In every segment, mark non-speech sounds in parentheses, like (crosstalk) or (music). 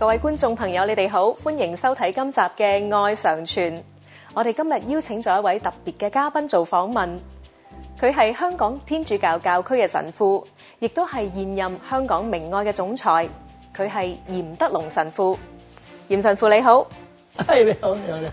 各位觀眾朋友，你哋好，歡迎收睇今集嘅《愛常傳》。我哋今日邀請咗一位特別嘅嘉賓做訪問，佢係香港天主教教區嘅神父，亦都係現任香港明愛嘅總裁。佢係嚴德龍神父。嚴神父你好。係，你好，你好。你好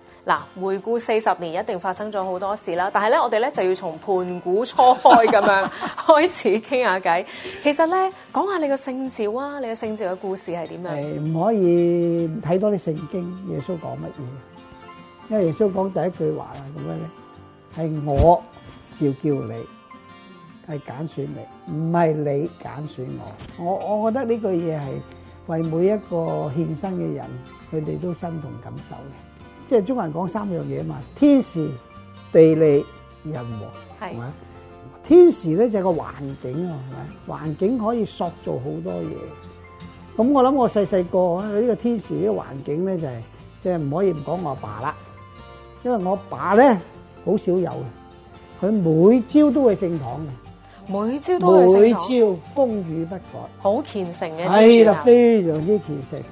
嗱，回顧四十年一定發生咗好多事啦，但係咧，我哋咧就要從盤古初開咁樣開始傾下偈。 (laughs) 其實咧，講下你個聖召啊，你個聖召嘅故事係點樣？唔、欸、可以睇多啲聖經，耶穌講乜嘢？因為耶穌講第一句話啊，咁樣咧，係我召叫你，係揀選你，唔係你揀選我。我我覺得呢句嘢係為每一個獻身嘅人，佢哋都身同感受嘅。即係中國人講三樣嘢嘛，天時、地利、人和，係嘛？天時咧就係個環境啊，係咪？環境可以塑造好多嘢。咁我諗我細細個呢個天時呢個環境咧就係，即係唔可以唔講我阿爸啦。因為我爸咧好少有嘅，佢每朝都去聖堂嘅，每朝都去聖堂，每朝風雨不改，好虔誠嘅。係啦，非常之虔誠，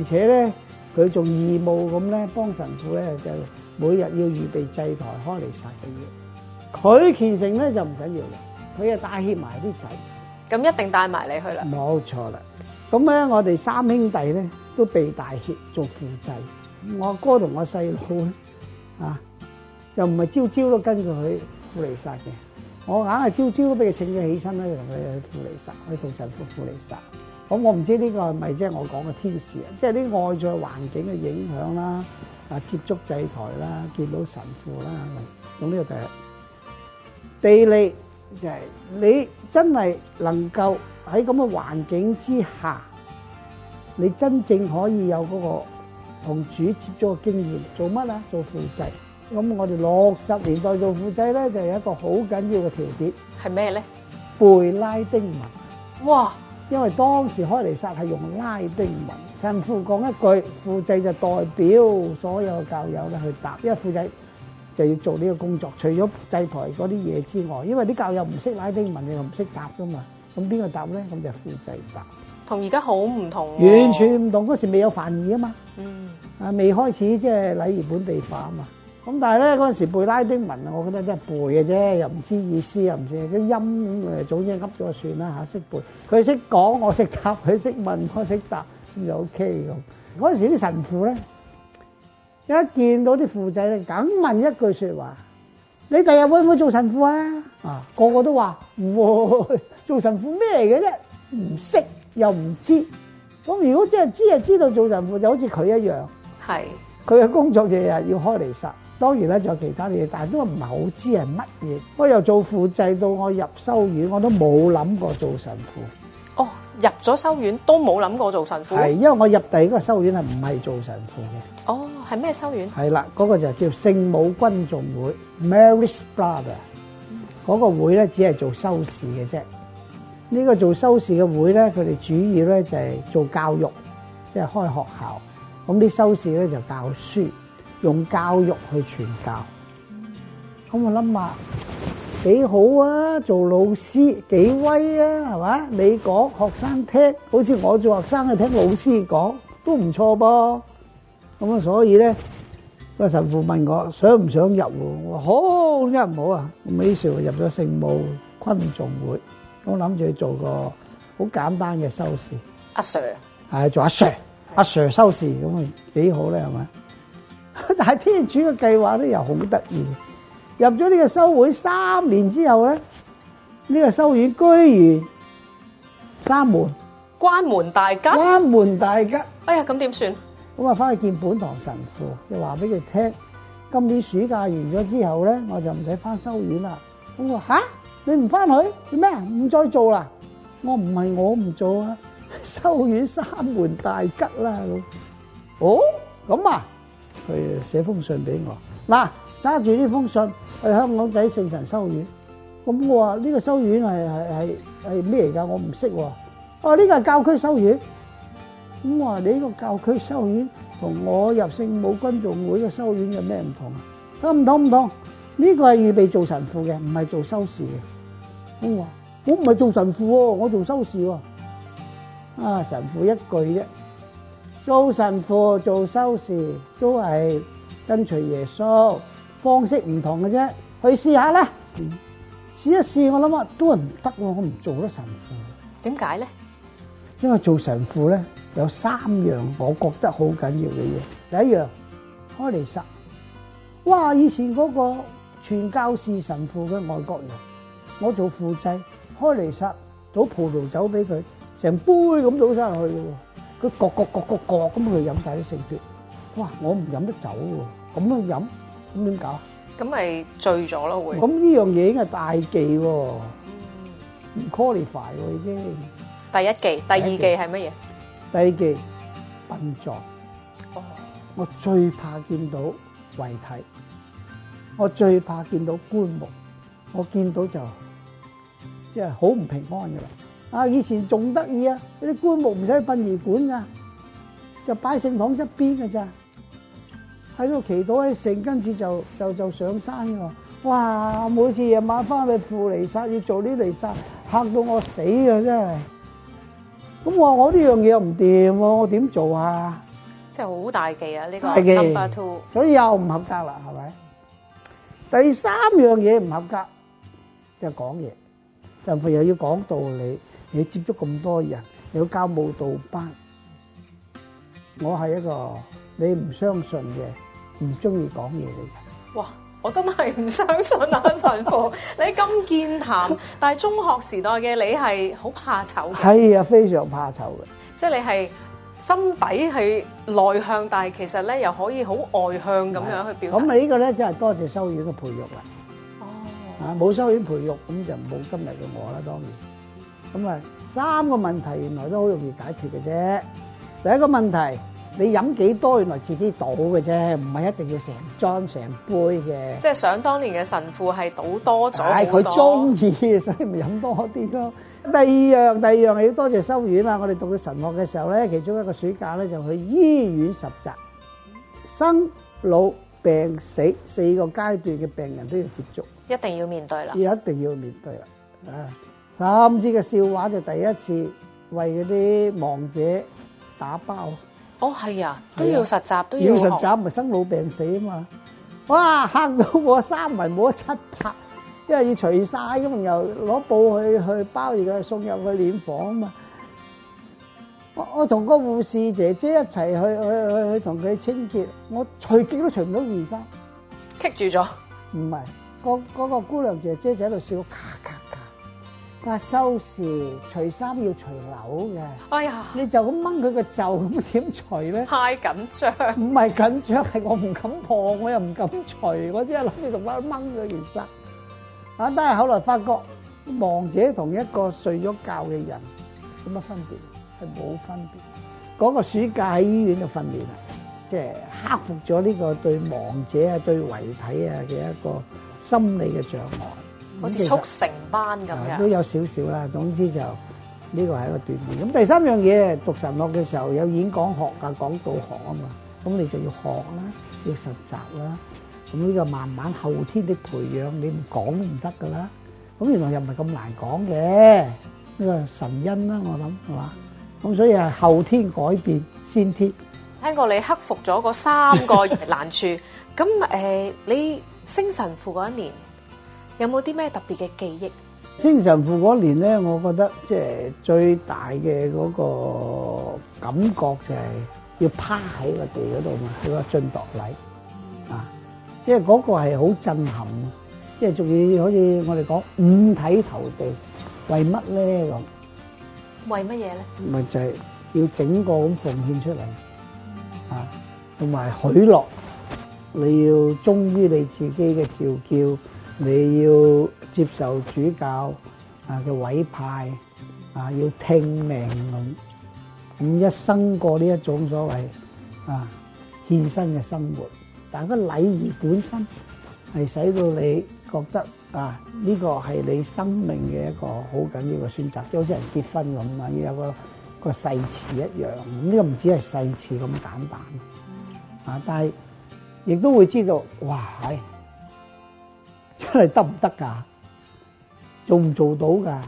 而且咧。佢仲義務咁咧，幫神父咧就每日要預備祭台開彌撒嘅嘢。佢虔誠咧就唔緊要嘅，佢又帶挈埋啲仔，咁一定帶埋你去啦。冇錯啦，咁咧我哋三兄弟咧都被帶挈做輔祭。我哥同我細佬咧啊，又唔係朝朝都跟住佢輔彌撒嘅。我硬係朝朝都俾佢請佢起身咧，同佢去輔彌撒，去同神父輔彌撒。咁我唔知呢個係咪即係我講嘅天時啊，即係啲外在環境嘅影響啦，啊接觸祭台啦，見到神父啦，用呢個第一地利就係你真係能夠喺咁嘅環境之下，你真正可以有嗰個同主接觸嘅經驗，做乜啊？做副祭，咁我哋六十年代做副祭咧，就有一個好緊要嘅條件係咩咧？背拉丁文哇！因為當時開彌撒係用拉丁文，神父講一句，副祭就代表所有教友咧去答，因為副祭就要做呢個工作，除咗祭台嗰啲嘢之外，因為啲教友唔識拉丁文，你又唔識答噶嘛，咁邊個答咧？咁就副祭答，同而家好唔同，完全唔同，嗰時未有梵二啊嘛，嗯，啊未開始即係禮儀本地化啊嘛。咁但係咧，嗰陣時背拉丁文啊，我覺得真係背嘅啫，又唔知意思又唔知。佢音誒，總之急咗算啦嚇，識背。佢識講，我識答；佢識問，我識答，就 OK 咁。嗰陣時啲神父咧，一見到啲父仔咧，梗問一句説話：你第日會唔會做神父啊？啊，個個都話唔會、呃、做神父咩嚟嘅啫？唔識又唔知。咁如果真係知啊，知道做神父就好似佢一樣，係佢嘅工作，日日要開彌撒。當然咧，仲有其他嘢，但係都唔係好知係乜嘢。我由做輔祭到我入修院，我都冇諗過做神父。哦，入咗修院都冇諗過做神父。係因為我入第一個修院係唔係做神父嘅。哦，係咩修院？係啦，嗰個就叫聖母昆仲會 Marist Brothers 啊。嗰個會咧，只係做修士嘅啫。呢個做修士嘅會咧，佢哋主要咧就係做教育，即係開學校。咁啲修士咧就教書。用教育去傳教，咁我諗啊，幾好啊！做老師幾威啊，係嘛？你講學生聽，好似我做學生去聽老師講，都唔錯噃。咁啊，所以咧，個神父問我想唔想入？我話好，依家唔好啊！我尾時入咗聖母昆仲會，我諗住去做個好簡單嘅修士。阿 Sir 係做阿 Sir，阿 Sir 修士咁啊，幾好咧，係嘛？但係天主嘅計劃咧又好得意，入咗呢個修會三年之後咧，呢個修院居然閂門，關門大吉，關門大吉。哎呀，咁點算？咁啊，翻去見本堂神父，又話俾佢聽，今年暑假完咗之後咧，我就唔使翻修院啦。我話吓，你唔翻去做咩？唔再做啦？我唔係，我唔做啊，修院閂門大吉啦咁。哦，咁啊。佢寫封信俾我，嗱，揸住呢封信，去香港仔聖神修院。咁我話呢個修院係係係係咩嚟噶？我唔識喎。哦，呢個係教區修院。咁我話你呢個教區修院同我入聖母軍眾會嘅修院有咩唔同啊？佢唔通？唔、嗯、通，呢個係預備做神父嘅，唔係做修士嘅。咁我話我唔係做神父喎，我做修士喎。啊，神父一句啫。做神父做修士都係跟隨耶穌，方式唔同嘅啫。去試下啦，嗯，試一試。我諗下，都係唔得喎，我唔做得神父。點解咧？因為做神父咧，有三樣我覺得好緊要嘅嘢。第一樣開彌撒，哇！以前嗰個傳教士神父嘅外國人，我做輔祭開彌撒，倒葡萄酒俾佢，成杯咁倒晒落去咯。佢割割割割割咁，佢飲晒啲聖血，哇！我唔飲得酒喎，咁去飲，咁點搞？咁咪醉咗咯會？咁呢樣嘢應該係大忌喎，唔 qualify 喎已經。第一忌，第二忌係乜嘢？第二忌殯葬。哦。我最怕見到遺體，我最怕見到棺木，我見到就即係好唔平安噶啦。啊！以前仲得意啊，嗰啲棺木唔使殯儀館噶，就擺聖堂側邊嘅咋，喺嗰度祈禱完聖，跟住就就就上山嘅。哇！每次夜晚翻嚟赴彌撒，要做啲彌撒，嚇到我死啊！真係，咁我我呢樣嘢又唔掂喎，我點做啊？即係好大忌啊！呢個 number two，所以又唔合格啦，係咪？第三樣嘢唔合格，就講嘢，神父又要講道理。你接觸咁多人，有教舞蹈班。我係一個你唔相信嘅，唔中意講嘢嘅人。哇！我真係唔相信啊！神父，你咁健談，但係中學時代嘅你係好怕醜嘅。係啊，非常怕醜嘅。即係你係心底係內向，但係其實咧又可以好外向咁樣去表現。咁你呢個咧真係多謝修院嘅培育啦。哦。啊，冇修院培育，咁就冇今日嘅我啦。當然。咁啊，三個問題原來都好容易解決嘅啫。第一個問題，你飲幾多原來自己倒嘅啫，唔係一定要成樽成杯嘅。即係想當年嘅神父係倒多咗。係佢中意，所以咪飲多啲咯。第二樣，第二樣係要多謝修院啦。我哋讀到神學嘅時候咧，其中一個暑假咧就去醫院實習，生老病死四個階段嘅病人都要接觸，一定要面對啦。要一定要面對啦，啊！甚至嘅笑話就第一次為嗰啲亡者打包。哦，係啊，都要實習，都要。要實習咪生老病死啊嘛！哇，吓到我三文冇得七拍，因為要除晒咁又攞布去去包住佢，送入去殮房啊嘛！我我同個護士姐姐一齊去去去同佢清潔，我除極都除唔到件衫，棘住咗。唔係，嗰嗰個姑娘姐姐就喺度笑卡卡。化收時除衫要除褸嘅，哎呀！你就咁掹佢個袖，咁點除咧？太緊張，唔係緊張，係我唔敢破，我又唔敢除，我只係諗住同佢掹咗件衫。啊！但係後來發覺，亡者同一個睡咗覺嘅人有乜分別？係冇分別。嗰個暑假喺醫院嘅訓練，即係克服咗呢個對亡者啊、對遺體啊嘅一個心理嘅障礙。好似速成班咁樣都有少少啦，總之就呢個係一個鍛煉。咁第三樣嘢，讀神學嘅時候有演講學噶，講道學啊嘛，咁你就要學啦，要實習啦。咁呢個慢慢後天的培養，你唔講都唔得噶啦。咁原來又唔係咁難講嘅呢個神恩啦，我諗係嘛？咁所以係後天改變先天。聽過你克服咗嗰三個難處，咁誒，你升神父嗰一年，有冇啲咩特別嘅記憶？星神父嗰年咧，我覺得即係最大嘅嗰個感覺就係要趴喺個地嗰度嘛，叫晉鐸禮啊！即係嗰個係好震撼，即係仲要好似我哋講五體投地。為乜咧咁？為乜嘢咧？咪就係要整個咁奉獻出嚟啊！同埋許諾，你要忠於你自己嘅召叫。你要接受主教啊嘅委派啊，要聽命咁，咁一生過呢一種所謂啊獻身嘅生活。但係個禮儀本身係使到你覺得啊，呢個係你生命嘅一個好緊要嘅選擇，就好似人結婚咁啊，要有個個誓詞一樣。咁呢個唔止係誓詞咁簡單啊，但係亦都會知道，哇！哎真係得唔得噶？做唔做到噶？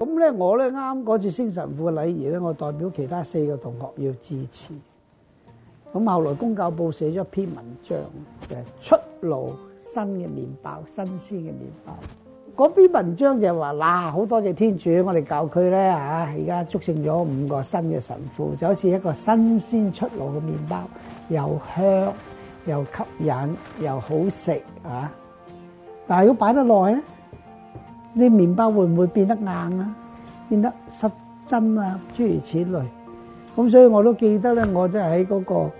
咁咧，我咧啱嗰次升神父嘅禮儀咧，我代表其他四個同學要支持。咁後來《公教報》寫咗一篇文章，就係出爐新嘅麵包，新鮮嘅麵包。嗰篇文章就話嗱，好、啊、多謝天主，我哋教區咧啊，而家祝聖咗五個新嘅神父，就好、是、似一個新鮮出爐嘅麵包，又香又吸引又好食啊！但係如果擺得耐咧，啲、啊、麵包會唔會變得硬啊？變得失真啊？諸如此類咁，所以我都記得咧，我真係喺嗰個。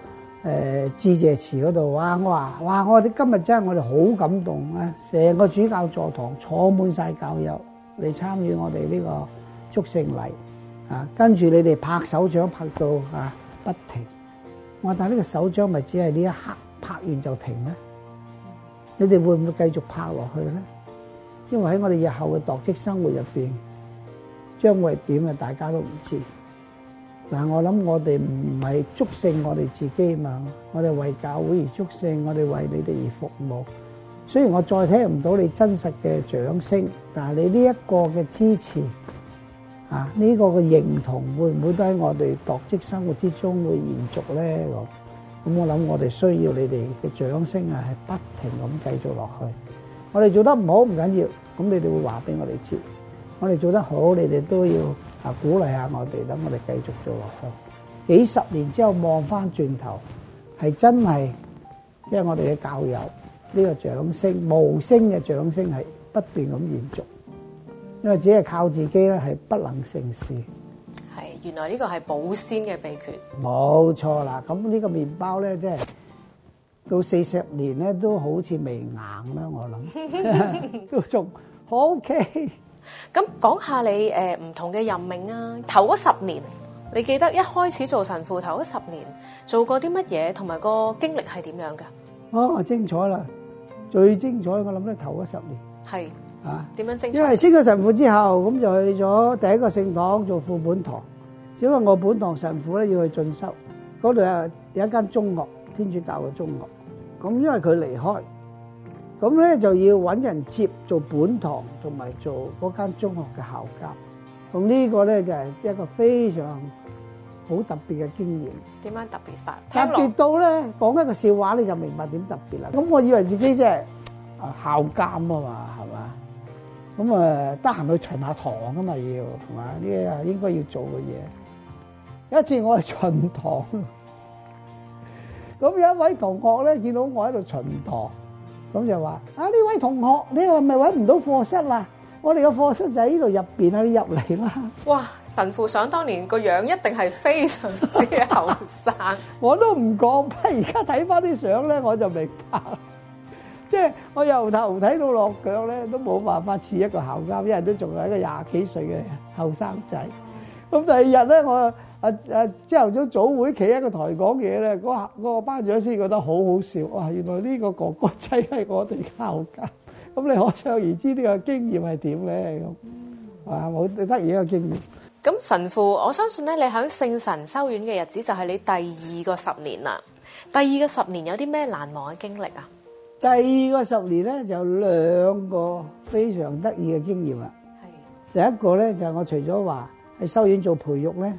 誒致謝詞嗰度，哇！我話，哇！我哋今日真係我哋好感動啊！成個主教座堂坐滿晒教友嚟參與我哋呢個祝聖禮啊！跟住你哋拍手掌拍到啊不停，我話但係呢個手掌咪只係呢一刻拍完就停咧，你哋會唔會繼續拍落去咧？因為喺我哋日後嘅鐸職生活入邊，將會點啊？大家都唔知。但我諗我哋唔係祝聖我哋自己啊嘛，我哋為教會而祝聖，我哋為你哋而服務。雖然我再聽唔到你真實嘅掌聲，但係你呢一個嘅支持，啊，呢個嘅認同會唔會都喺我哋在職生活之中會延續咧？咁咁，我諗我哋需要你哋嘅掌聲啊，係不停咁繼續落去。我哋做得唔好唔緊要，咁你哋會話俾我哋知。我哋做得好，你哋都要，啊！鼓勵下我哋，等我哋繼續做落去。幾十年之後望翻轉頭，係真係，即係我哋嘅教友呢個掌聲，無聲嘅掌聲係不斷咁延續。因為只係靠自己咧，係不能成事。係原來呢個係保鮮嘅秘訣。冇錯啦，咁呢個麵包咧，即係到四十年咧，都好似未硬啦。我諗都仲 OK。咁講下你，誒唔同嘅任命啊，頭嗰十年，你記得一開始做神父頭嗰十年做過啲乜嘢，同埋個經歷係點樣嘅？哦，精彩啦，最精彩我諗都頭嗰十年係啊，點樣精彩？因為升咗神父之後，咁就去咗第一個聖堂做副本堂，只不過我本堂神父咧要去進修，嗰度有有一間中學，天主教嘅中學，咁因為佢離開。咁咧就要揾人接做本堂，同埋做嗰間中學嘅校監。咁呢個咧就係一個非常好特別嘅經驗。點樣特別法？特別到咧，講一個笑話你就明白點特別啦。咁我以為自己真係校監啊嘛，係嘛？咁啊，得閒去巡下堂啊嘛，要係嘛？呢個應該要做嘅嘢。有一次我去巡堂，咁 (laughs) 有一位同學咧見到我喺度巡堂。咁就話，啊呢位同學，你係咪搵唔到課室啦？我哋個課室就喺呢度入邊啊，你入嚟啦。哇！神父想當年個樣一定係非常之後生， (laughs) 我都唔講，不過而家睇翻啲相咧，我就明白，即 (laughs) 係我由頭睇到落腳咧，都冇辦法似一個校監，因為都仲係一個廿幾歲嘅後生仔。咁第二日咧，我。阿阿朝頭早早會企喺個台講嘢咧，嗰個嗰個班長先覺得好好笑哇！原來呢個哥哥仔係我哋校監，咁你可想而知呢個經驗係點咧咁啊，好得意嘅經驗。咁神父，我相信咧，你喺聖神修院嘅日子就係你第二個十年啦。第二個十年有啲咩難忘嘅經歷啊？第二個十年咧就有兩個非常得意嘅經驗啦。係，第一個咧就係我除咗話喺修院做培育咧。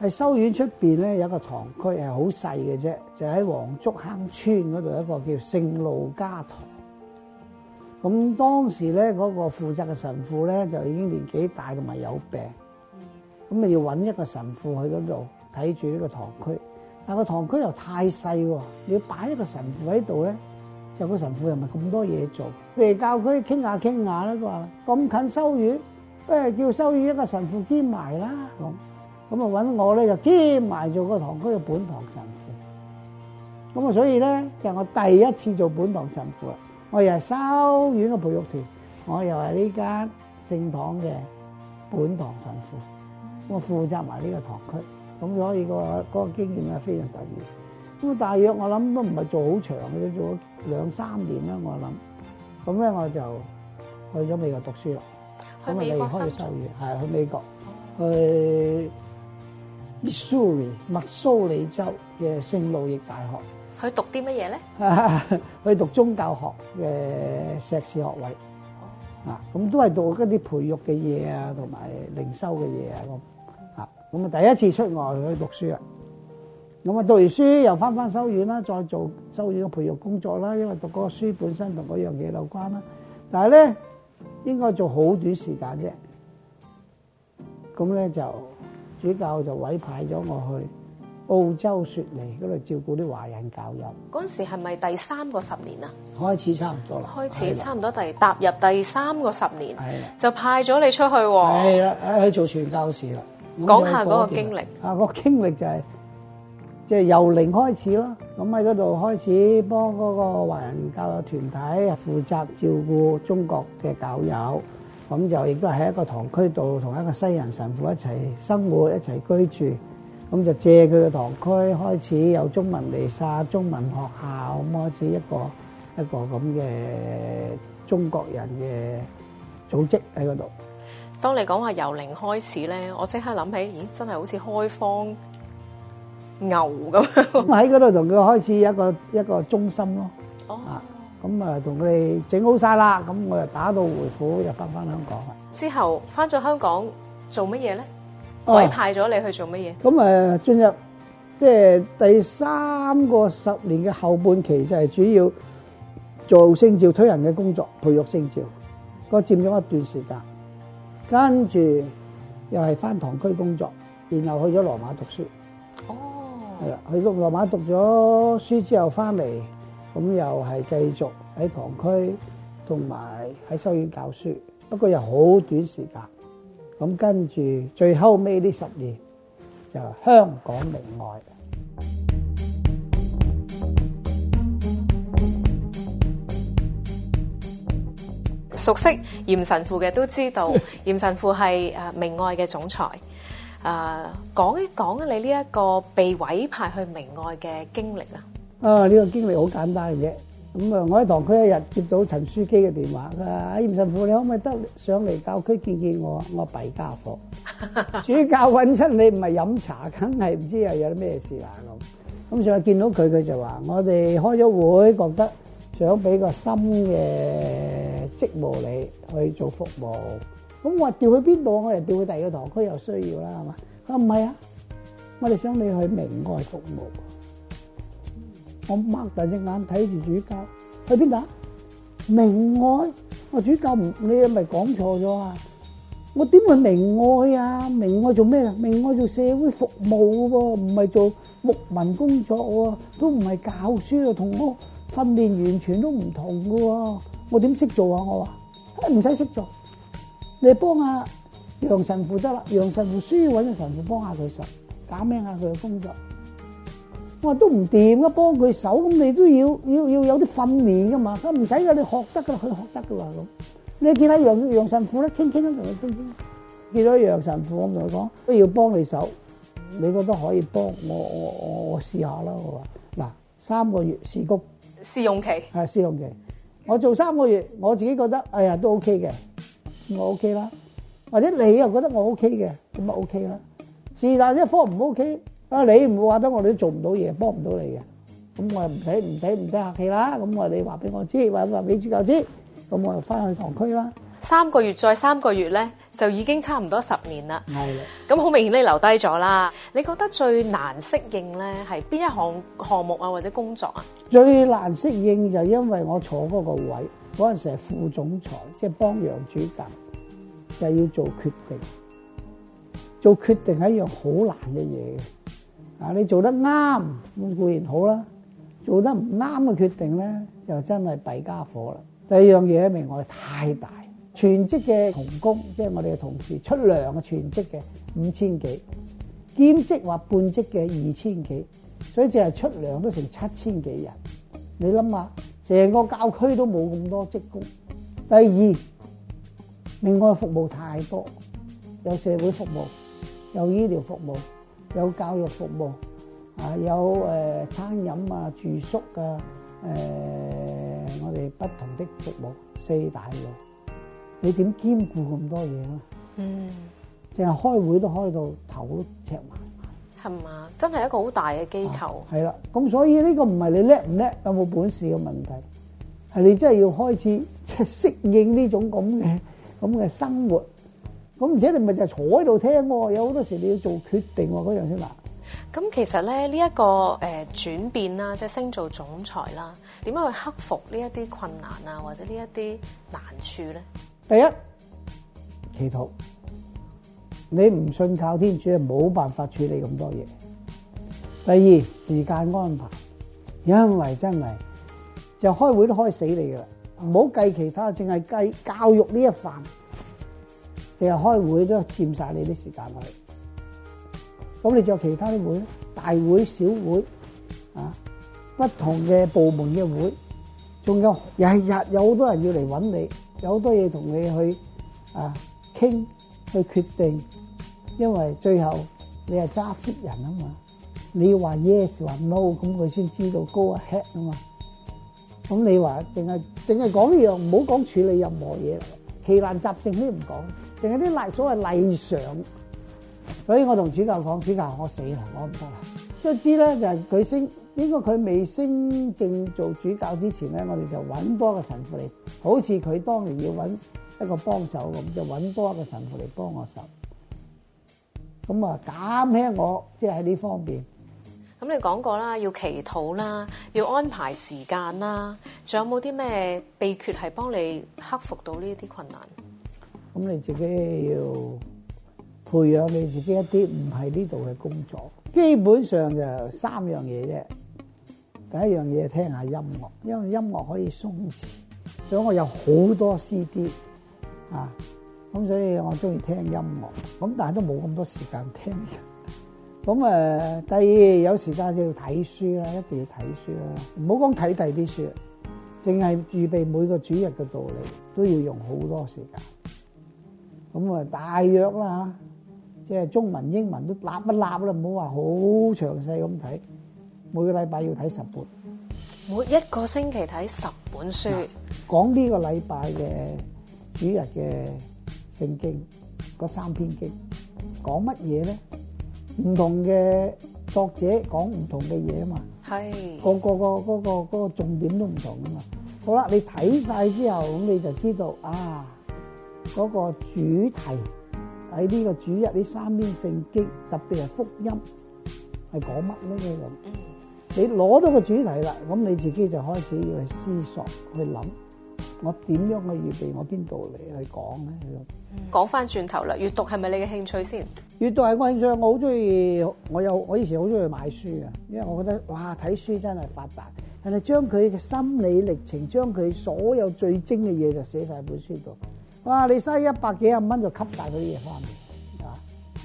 係修院出邊咧，有一個堂區係好細嘅啫，就喺黃竹坑村嗰度一個叫聖路家堂。咁當時咧，嗰個負責嘅神父咧就已經年紀大同埋有病，咁咪要揾一個神父去嗰度睇住呢個堂區。但個堂區又太細，要擺一個神父喺度咧，就個神父又唔係咁多嘢做，譬如教區傾下傾下啦。佢話咁近修院，不如叫修院一個神父兼埋啦咁。咁啊揾我咧就兼埋做個堂區嘅本堂神父，咁啊所以咧就係我第一次做本堂神父啦，我又係修院嘅培育團，我又係呢間聖堂嘅本堂神父，我負責埋呢個堂區，咁所以、嗰個嗰個經驗非常得意。咁大約我諗都唔係做好長嘅都做咗兩三年啦，我諗。咁咧我就去咗美國讀書啦。離開修院係去美國去。Missouri 密蘇里州嘅聖路易大學，去讀啲乜嘢咧？ (laughs) 去讀宗教學嘅碩士學位。oh. 啊！咁都係讀嗰啲培育嘅嘢啊，同埋靈修嘅嘢啊咁啊！咁啊，啊第一次出外去讀書啊！咁啊讀完書又翻翻修院啦，啊，再做修院嘅培育工作啦，因為讀嗰個書本身同嗰樣嘢有關啦，啊。但係咧應該做好短時間啫，咁咧就。主教就委派咗我去澳洲雪梨嗰度照顧啲華人教友。嗰陣時係咪第三個十年啊？開始差唔多啦。開始差唔多第了踏入第三個十年，了就派咗你出去喎。係啦，去做傳教士啦。講下嗰個經歷。啊，個經歷就係即係由零開始咯。咁喺嗰度開始幫嗰個華人教友團體負責照顧中國嘅教友。咁就亦都喺一個堂區度，同一個西人神父一齊生活，一齊居住。咁就借佢嘅堂區開始有中文彌撒，中文學校，咁開始一個一個咁嘅中國人嘅組織喺嗰度。當你講話由零開始咧，我即刻諗起，咦，真係好似開荒牛咁。咁喺嗰度同佢開始一個一個中心咯。哦。咁啊，同佢哋整好晒啦，咁我又打道回府，又翻翻香港。之後翻咗香港做乜嘢咧？委派咗你去做乜嘢？咁誒，進入即係第三個十年嘅後半期，就係主要做聖召推人嘅工作，培育聖召，個佔咗一段時間。跟住又係翻堂區工作，然後去咗羅馬讀書。哦，係啦，去咗羅馬讀咗書之後翻嚟。咁又係繼續喺堂區同埋喺修院教書，不過又好短時間。咁跟住最後尾呢十年就係香港明愛。熟悉嚴神父嘅都知道，嚴神父係誒，明愛嘅總裁。誒，講一講你呢一個被委派去明愛嘅經歷啦。啊！呢、這個經歷好簡單嘅啫，咁、嗯、啊，我喺堂區一日接到陳書記嘅電話，佢話：啊、哎，嚴神父，你可唔可以得上嚟教區見見我？ (laughs) 我弊家伙，主教揾親你唔係飲茶，梗係唔知又有啲咩事啦咁。咁、嗯、上去見到佢，佢就話：我哋開咗會，覺得想俾個新嘅職務你去做服務。咁、嗯、我話：調去邊度？我係調去第二個堂區又需要啦，係嘛？佢話：唔係啊，我哋想你去明愛服務。我擘大隻眼睇住主教，去邊度啊？明愛，我主教唔，你係咪講錯咗啊！我點會明愛啊？明愛做咩啊？明愛做社會服務嘅喎，唔係做牧民工作喎，都唔係教書嘅，同我訓練完全都唔同嘅喎，我點識做啊？我話，唉，唔使識做，你幫下楊神父得啦，楊神父需要揾個神父幫下佢實，減輕下佢嘅工作。我都唔掂嘅，幫佢手咁，你都要要要有啲訓練噶嘛？佢唔使噶，你學得噶，佢學得噶喎咁。你見下楊楊神父咧，傾傾咧，同佢傾傾，見到楊神父，我同佢講，不如要幫你手，你覺得可以幫我，我我試下啦。我話嗱，三個月試工，試用期係試用期。啊、試用期我做三個月，我自己覺得，哎呀，都 OK 嘅，我 OK 啦。或者你又覺得我 OK 嘅，咁咪 OK 啦。是但一方唔 OK。啊！你唔話得，我哋都做唔到嘢，幫唔到你嘅。咁我又唔使唔使唔使客氣啦。咁我你話俾我知，話俾主教知，咁我又翻去堂區啦。三個月再三個月咧，就已經差唔多十年啦。係的。咁好明顯，你留低咗啦。你覺得最難適應咧，係邊一項項，項目啊，或者工作啊？最難適應就因為我坐嗰個位嗰陣時係副總裁，即係幫楊主教，就係要做決定。做決定係一樣好難嘅嘢。嗱，你做得啱咁固然好啦，做得唔啱嘅決定咧，就真係弊家伙啦。第二樣嘢，明愛太大，全職嘅同工，即係我哋嘅同事出糧嘅全職嘅五千幾，兼職或半職嘅二千幾，所以淨係出糧都成七千幾人。你諗下，成個教區都冇咁多職工。第二，明愛服務太多，有社會服務，有醫療服務。有教育服務，啊有誒、呃、餐飲啊住宿啊，誒、呃、我哋不同的服務四大類，你點兼顧咁多嘢啊？嗯，淨係開會都開到頭都赤埋，係嘛、嗯？真係一個好大嘅機構。係啦、啊，咁所以呢個唔係你叻唔叻，有冇本事嘅問題，係你真係要開始即係適應呢種咁嘅咁嘅生活。咁而且你咪就坐喺度聽，有好多時你要做決定嗰樣先啦。咁其實咧呢一個誒轉變啦，即係升做總裁啦，點樣去克服呢一啲困難啊，或者呢一啲難處咧？第一，祈禱，你唔信靠天主啊，冇辦法處理咁多嘢。第二，時間安排，因為真係就開會都開死你噶啦，唔好計其他，淨係計教育呢一範。成日開會都佔曬你啲時間去，咁你仲有其他啲會咧？大會、小會啊，不同嘅部門嘅會，仲有日日有好多人要嚟揾你，有好多嘢同你去啊傾，去決定。因為最後你係揸 fit 人啊嘛，你要話 yes 話 no 咁佢先知道 go ahead 啊嘛。咁你話淨係淨係講呢樣，唔好講處理任何嘢，奇難雜症都唔講。定係啲例所謂例常，所以我同主教講：主教，我死啦，我唔得啦！即係知咧，就係佢升，應該佢未升正做主教之前咧，我哋就揾多個神父嚟，好似佢當年要揾一個幫手咁，就揾多一個神父嚟幫我手。咁啊，減輕我即係喺呢方面。咁你講過啦，要祈禱啦，要安排時間啦，仲有冇啲咩秘訣係幫你克服到呢啲困難？咁你自己要培養你自己一啲唔係呢度嘅工作，基本上就三樣嘢啫。第一樣嘢，聽下音樂，因為音樂可以鬆弛，所以我有好多 CD 啊。咁所以我中意聽音樂，咁但係都冇咁多時間聽。咁誒，第二有時間就要睇書啦，一定要睇書啦。唔好講睇第啲書，淨係預備每個主日嘅道理，都要用好多時間。咁啊，大約啦嚇，即係中文、英文都立一立啦，唔好話好詳細咁睇。每個禮拜要睇十本，每一個星期睇十本書。講呢個禮拜嘅主日嘅聖經嗰三篇經講乜嘢咧？唔同嘅作者講唔同嘅嘢啊嘛，個個個嗰個嗰個重點都唔同啊嘛。好啦，你睇晒之後，咁你就知道啊。嗰個主題喺呢個主日呢三篇聖經，特別係福音係講乜咧？咁你攞到個主題啦，咁你自己就開始要去思索去諗，我點樣去預備？我邊度嚟去講咧？講翻轉頭啦，閱讀係咪你嘅興趣先？閱讀係我興趣，我好中意，我又我以前好中意買書啊，因為我覺得哇，睇書真係發達，人哋將佢嘅心理歷程，將佢所有最精嘅嘢就寫曬本書度。哇！你收一百幾廿蚊就吸晒佢啲嘢翻嚟，啊！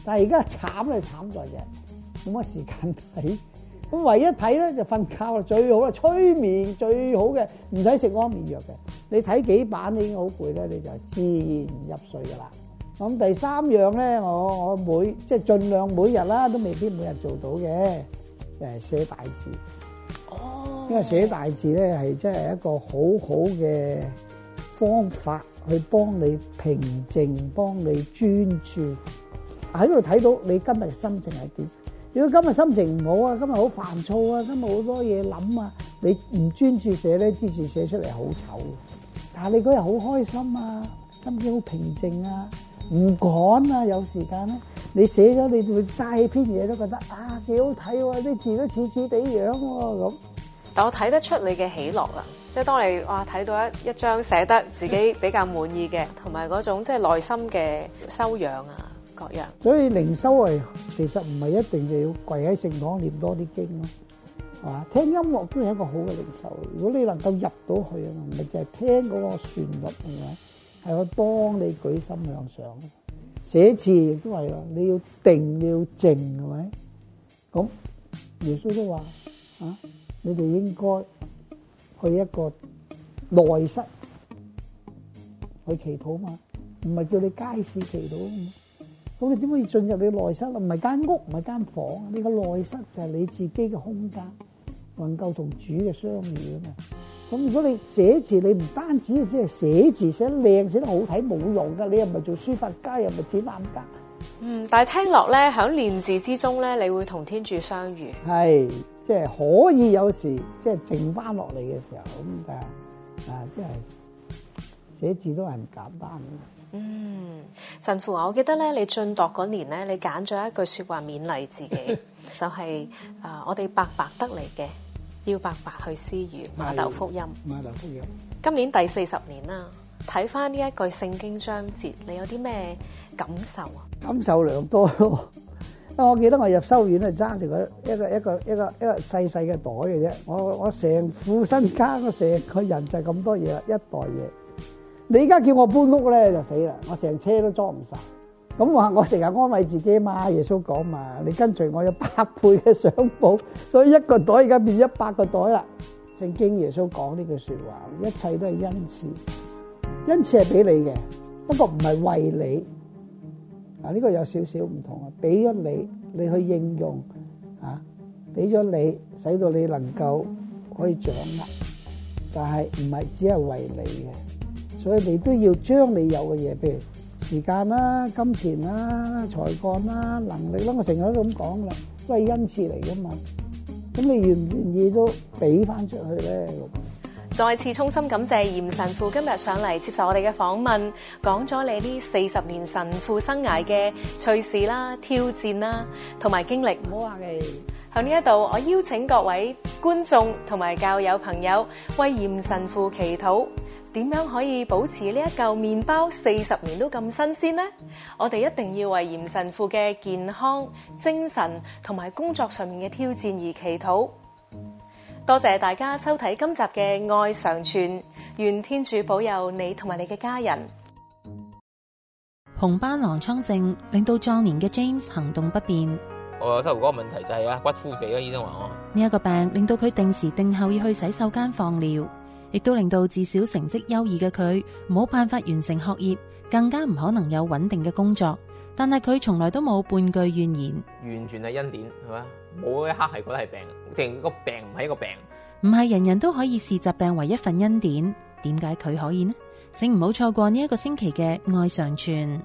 但係而家慘就慘在就冇乜時間睇，咁唯一睇咧就瞓覺啦，最好啦，催眠最好嘅，唔使食安眠藥嘅。你睇幾版你已經好攰咧，你就自然入睡㗎啦。咁第三樣咧，我我每即係盡量每日啦，都未必每日做到嘅，誒、即係、寫大字。哦，因為寫大字咧係真係一個好好嘅方法去幫你平靜，幫你專注。喺度睇到你今日心情係點？如果今日心情唔好啊，今日好煩躁啊，今日好多嘢諗啊，你唔專注寫咧，啲字寫出嚟好醜。但係你嗰日好開心啊，心情好平靜啊，唔趕啊，有時間咧，你寫咗你就齋篇嘢都覺得啊幾好睇喎，啲字都似似地樣喎咁。但我睇得出你嘅喜樂啊。即係當你哇睇到一一張寫得自己比較滿意嘅，同埋嗰種即係內心嘅修養啊，各樣。所以靈修係其實唔係一定就要跪喺聖堂唸多啲經咯，係嘛？聽音樂都係一個好嘅靈修。如果你能夠入到去啊，唔係淨係聽嗰個旋律嚟嘅，係我幫你舉心向上。寫字亦都係喇，你要定要靜係嘛？咁耶穌都話啊，你哋應該。去一個內室去祈禱嘛，唔係叫你街市祈禱啊嘛。咁你點可以進入你內室啊？唔係間屋，唔係間房，你個內室就係你自己嘅空間，能夠同主嘅相遇啊嘛。咁如果你寫字，你唔單止只係寫字寫得靚，寫得好睇冇用噶，你又唔係做書法家，又唔係字畫家。嗯，但係聽落咧，喺練字之中咧，你會同天主相遇。係。即係可以有時，即係剩翻落嚟嘅時候咁，但係啊，即係寫字都係唔簡單，嗯，神父啊，我記得咧，你晉鐸嗰年咧，你揀咗一句説話勉勵自己， (laughs) 就係、是、啊、呃，我哋白白得嚟嘅，要白白去施予。瑪竇福音，瑪竇福音。今年第四十年啦，睇翻呢一句聖經章節，你有啲咩感受啊？感受良多咯。啊！我記得我入修院咧，揸住個一個一個一個一個細細嘅袋嘅啫。我我成副身家，成個人就咁多嘢啦，一袋嘢。你而家叫我搬屋咧，就死啦！我成車都裝唔晒。咁話我成日安慰自己嘛，耶穌講嘛，你跟隨我有百倍嘅賞報，所以一個袋而家變一百個袋啦。聖經耶穌講呢句說話，一切都係恩賜，恩賜係俾你嘅，不過唔係為你。嗱，呢個有少少唔同啊！俾咗你，你去應用啊！俾咗你，使到你能夠可以掌握，但係唔係只係為你嘅，所以你都要將你有嘅嘢，譬如時間啦、啊、金錢啦、啊、才幹啦、啊、能力啦，我成日都咁講啦，都係恩賜嚟嘅嘛。咁你願唔願意都俾翻出去咧？再次衷心感謝嚴神父今日上嚟，接受我哋嘅訪問，講咗你呢四十年神父生涯嘅趣事啦、挑戰啦，同埋經歷。唔好話嘅。喺呢一度，我邀請各位觀眾同埋教友朋友為嚴神父祈禱，點樣可以保持呢一嚿麵包四十年都咁新鮮呢？我哋一定要為嚴神父嘅健康、精神同埋工作上面嘅挑戰而祈禱。多謝大家收睇今集嘅《愛常傳》，願天主保佑你同埋你嘅家人。紅斑狼瘡症令到壯年嘅 James 行動不便。我膝頭嗰個問題就係、是、啊，骨枯死啦，醫生話我。呢一個病令到佢定時定候要去洗手間放尿，亦都令到自小成績優異嘅佢冇辦法完成學業，更加唔可能有穩定嘅工作。但係佢從來都冇半句怨言，言。完全係恩典，係嘛？每一刻係覺得係病，定個病唔係一個病。唔係人人都可以視疾病為一份恩典，點解佢可以呢？請唔好錯過呢一個星期嘅愛常傳。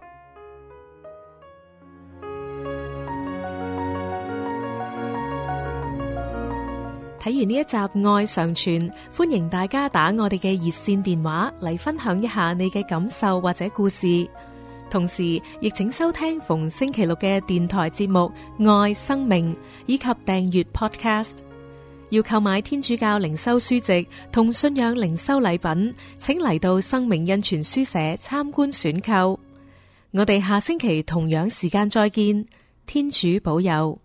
睇完呢一集《愛常傳》，歡迎大家打我哋嘅熱線電話嚟分享一下你嘅感受或者故事。同時，亦請收聽逢星期六嘅電台節目《愛生命》，以及訂閱 Podcast。要購買天主教靈修書籍同信仰靈修禮品，請嚟到生命印傳書社參觀選購。我哋下星期同樣時間再見，天主保佑。